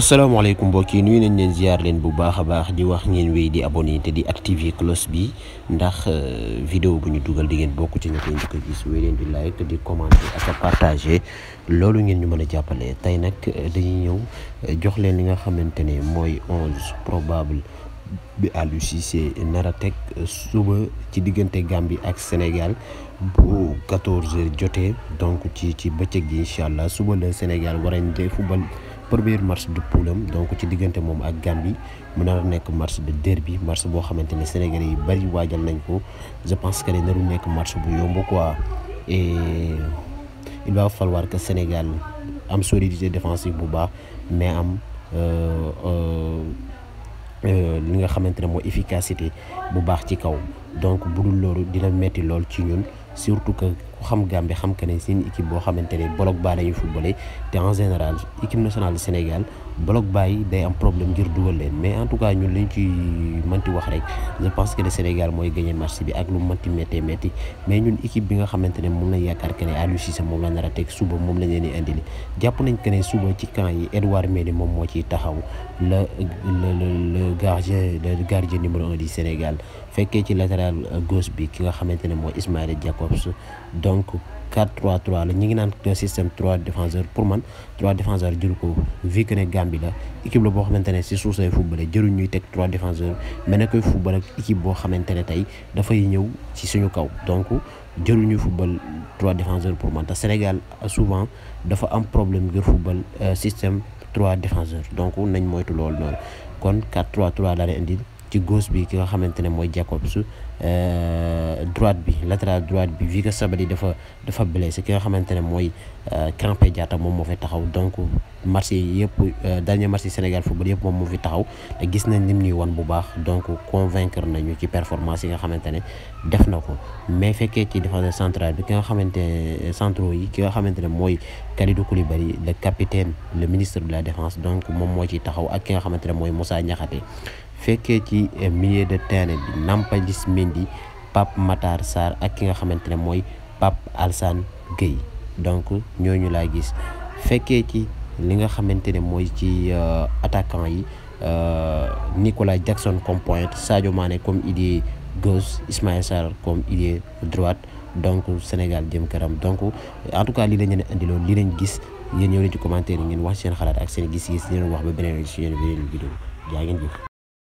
asalaamaaleykum mbokk yi nuyu nañ leen ziar leen bu baax baax di wax ngeen wéy di abonné te di activer cloche bi ndax euh, vidéo bu ñu dugal di ngeen bokku ci nga koy njëkk gis wéy leen di like di commenter ak partager lolu ngeen ñu mëna jappalé tay nak euh, dañuy ñew euh, jox leen li nga xamantene moy 11 probable bi Aliou Cissé nar a suba ci diggante Gambie ak Sénégal bu 14h jotté donc ci ci bëccëg gi inshallah suba le Sénégal war a football premier match de poule donc ci diggante mom ak Gambie mu na a nekk match de derby match bo xamante Sénégalais yi bari wajal nañ ko je pense que les naru nekk match bu yomb quoi et il va falloir que Sénégal am solidité défensive bu baax mais am. Euh, euh, euh, li nga xamante mo efficacité bu baax ci kaw donc budul lolu dina metti lool ci ñun surtout que xam gambe xam que ne seen équipe boo xamante ne bloc bas dañuy footballé te en général équipe nationale Sénégal bloc bas yi day am problème ngir dugal leen mais en tout cas ñun liñ ci mënti wax rek je pense que le Sénégal mooy gagné match bi ak lu mënti méttee metti mais ñun équipe bi nga xamante ne moom lañ yaakaar que ne Aliou Cissé moom la nar a teg suba moom la leen di indili jàpp nañ que ne suba ci camp yi Edouard Mendy moom moo ciy taxaw le le le gardien le gardien numéro 1 du Sénégal fekkee ci latéral gauche bi ki nga xamante ne mooy Ismaïla Jakobs donc 4-3-3 la ngi un système 3 défenseurs pour man 3 défenseurs jël ko vu que Gambie la équipe la bo xamantene ci si football jëru ñuy tek 3 défenseurs mais na koy football ak équipe bo xamantene un da fay ñëw ci suñu kaw donc jëru ñuy football 3 défenseurs pour man te Sénégal souvent dafa am problème de football euh, système 3 défenseurs donc nañ moytu lool non kon 4-3-3 laa ci gauche bi ki nga xamante ne mooy Jacobs euh, droite bi latéral droite bi Vigo Sabali dafa dafa blessé ki nga xamante ne mooy euh, Krépin Diatta moom moo fi taxaw donc match yi yëpp euh, dernier match Sénégal football yëpp moom moo fi taxaw te gis nañ lim ñuy wan bu baax donc convaincre nañu ci performance yi nga xamante ne def na ko mais fekkee ci défense centrale bi ki nga xamante centraux yi ki nga xamante ne mooy Kalidou Koulibaly le capitaine le ministre de la défense donc moom moo ci taxaw ak ki nga xamante ne mooy Moussa Niakhaté fekkee ci millier de terrain bi Nampalys Mendy pap Matar Sarr ak ki nga xamante ne mooy Pape Alsane Gueye donc ñooñu laa gis fekkee ci li nga xamante ne mooy ci euh, attaquant yi euh, Nicolas Jackson comme pointe Sadio Mané comme ailier gauche Ismaïla Sarr comme ailier droite donc Sénégal jëm kanam donc en tout cas lii lañ leen indiloon lii lañ gis yéen ñëw leen ci commentaire yi ngeen wax seen xalaat ak seen gis-gis di leen wax ba beneen si yeneen beneen vidéo jaa ngeen